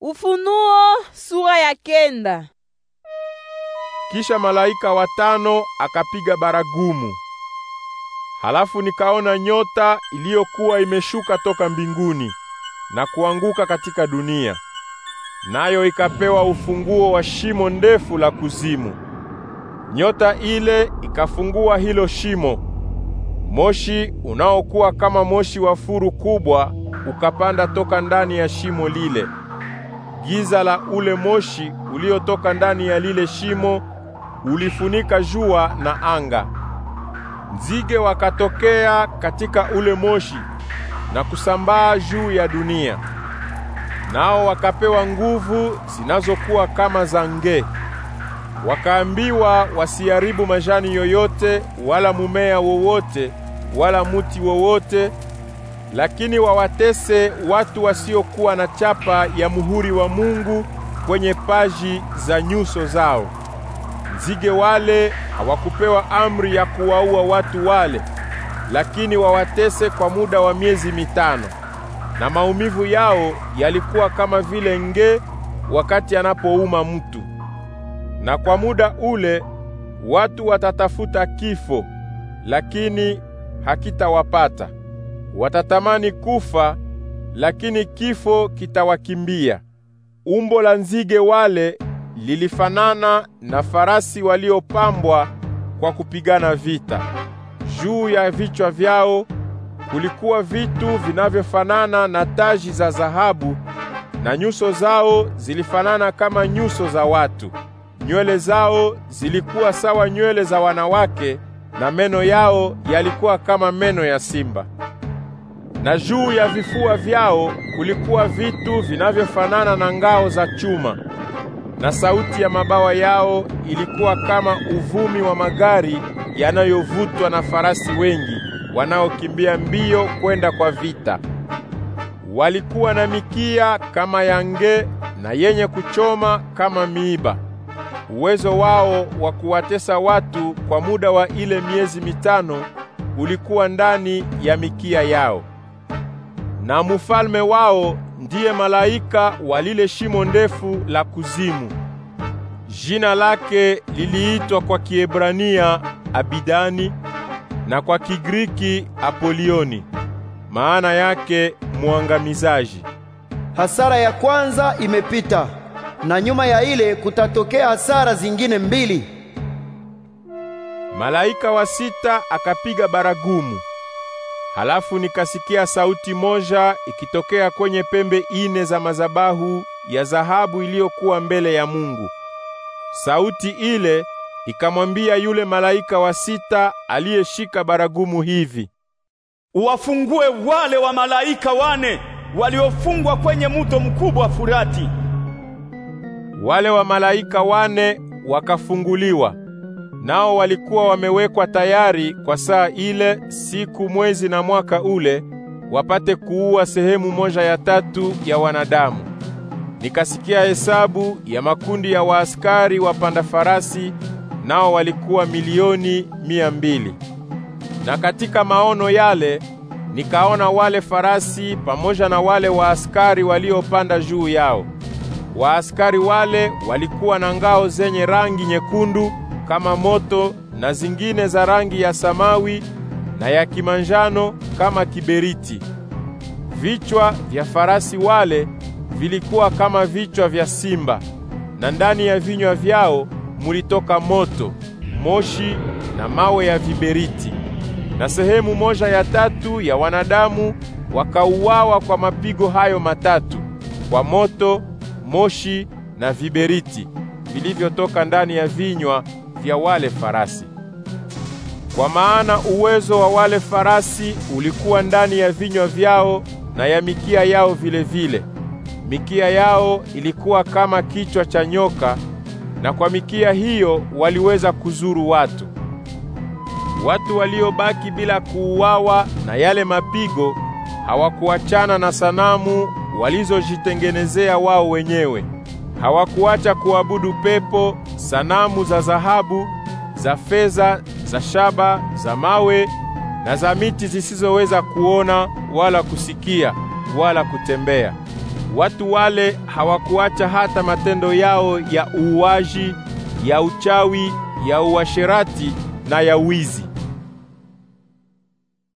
Ufunuo sura ya kenda. Kisha malaika watano akapiga baragumu. Halafu nikaona nyota iliyokuwa imeshuka toka mbinguni na kuanguka katika dunia. Nayo ikapewa ufunguo wa shimo ndefu la kuzimu. Nyota ile ikafungua hilo shimo. Moshi unaokuwa kama moshi wa furu kubwa ukapanda toka ndani ya shimo lile. Giza la ule moshi uliotoka ndani ya lile shimo ulifunika jua na anga. Nzige wakatokea katika ule moshi na kusambaa juu ya dunia, nao wakapewa nguvu zinazokuwa kama za nge. Wakaambiwa wasiharibu majani yoyote wala mumea wowote wala muti wowote lakini wawatese watu wasiokuwa na chapa ya muhuri wa Mungu kwenye paji za nyuso zao. Nzige wale hawakupewa amri ya kuwaua watu wale, lakini wawatese kwa muda wa miezi mitano, na maumivu yao yalikuwa kama vile nge wakati anapouma mtu. Na kwa muda ule watu watatafuta kifo, lakini hakitawapata Watatamani kufa, lakini kifo kitawakimbia. Umbo la nzige wale lilifanana na farasi waliopambwa kwa kupigana vita. Juu ya vichwa vyao kulikuwa vitu vinavyofanana na taji za dhahabu, na nyuso zao zilifanana kama nyuso za watu. Nywele zao zilikuwa sawa nywele za wanawake, na meno yao yalikuwa kama meno ya simba na juu ya vifua vyao kulikuwa vitu vinavyofanana na ngao za chuma, na sauti ya mabawa yao ilikuwa kama uvumi wa magari yanayovutwa na farasi wengi wanaokimbia mbio kwenda kwa vita. Walikuwa na mikia kama ya nge na yenye kuchoma kama miiba. Uwezo wao wa kuwatesa watu kwa muda wa ile miezi mitano ulikuwa ndani ya mikia yao na mufalme wao ndiye malaika wa lile shimo ndefu la kuzimu. Jina lake liliitwa kwa Kiebrania Abidani na kwa Kigiriki Apolioni, maana yake mwangamizaji. Hasara ya kwanza imepita na nyuma ya ile kutatokea hasara zingine mbili. Malaika wa sita akapiga baragumu Halafu nikasikia sauti moja ikitokea kwenye pembe ine za mazabahu ya dhahabu iliyokuwa mbele ya Mungu. Sauti ile ikamwambia yule malaika wa sita aliyeshika baragumu hivi: Uwafungue wale wa malaika wane waliofungwa kwenye muto mkubwa Furati. Wale wa malaika wane wakafunguliwa nao walikuwa wamewekwa tayari kwa saa ile, siku, mwezi na mwaka ule, wapate kuua sehemu moja ya tatu ya wanadamu. Nikasikia hesabu ya makundi ya waaskari wapanda farasi, nao walikuwa milioni mia mbili. Na katika maono yale nikaona wale farasi pamoja na wale waaskari waliopanda juu yao. Waaskari wale walikuwa na ngao zenye rangi nyekundu kama moto na zingine za rangi ya samawi na ya kimanjano kama kiberiti. Vichwa vya farasi wale vilikuwa kama vichwa vya simba, na ndani ya vinywa vyao mulitoka moto, moshi na mawe ya viberiti. Na sehemu moja ya tatu ya wanadamu wakauawa kwa mapigo hayo matatu, kwa moto, moshi na viberiti vilivyotoka ndani ya vinywa ya wale farasi, kwa maana uwezo wa wale farasi ulikuwa ndani ya vinywa vyao na ya mikia yao vilevile vile. Mikia yao ilikuwa kama kichwa cha nyoka, na kwa mikia hiyo waliweza kuzuru watu. Watu waliobaki bila kuuawa na yale mapigo hawakuachana na sanamu walizojitengenezea wao wenyewe. Hawakuacha kuabudu pepo sanamu za dhahabu, za fedha, za shaba, za mawe na za miti zisizoweza kuona wala kusikia wala kutembea. Watu wale hawakuacha hata matendo yao ya uuaji, ya uchawi, ya uasherati na ya wizi.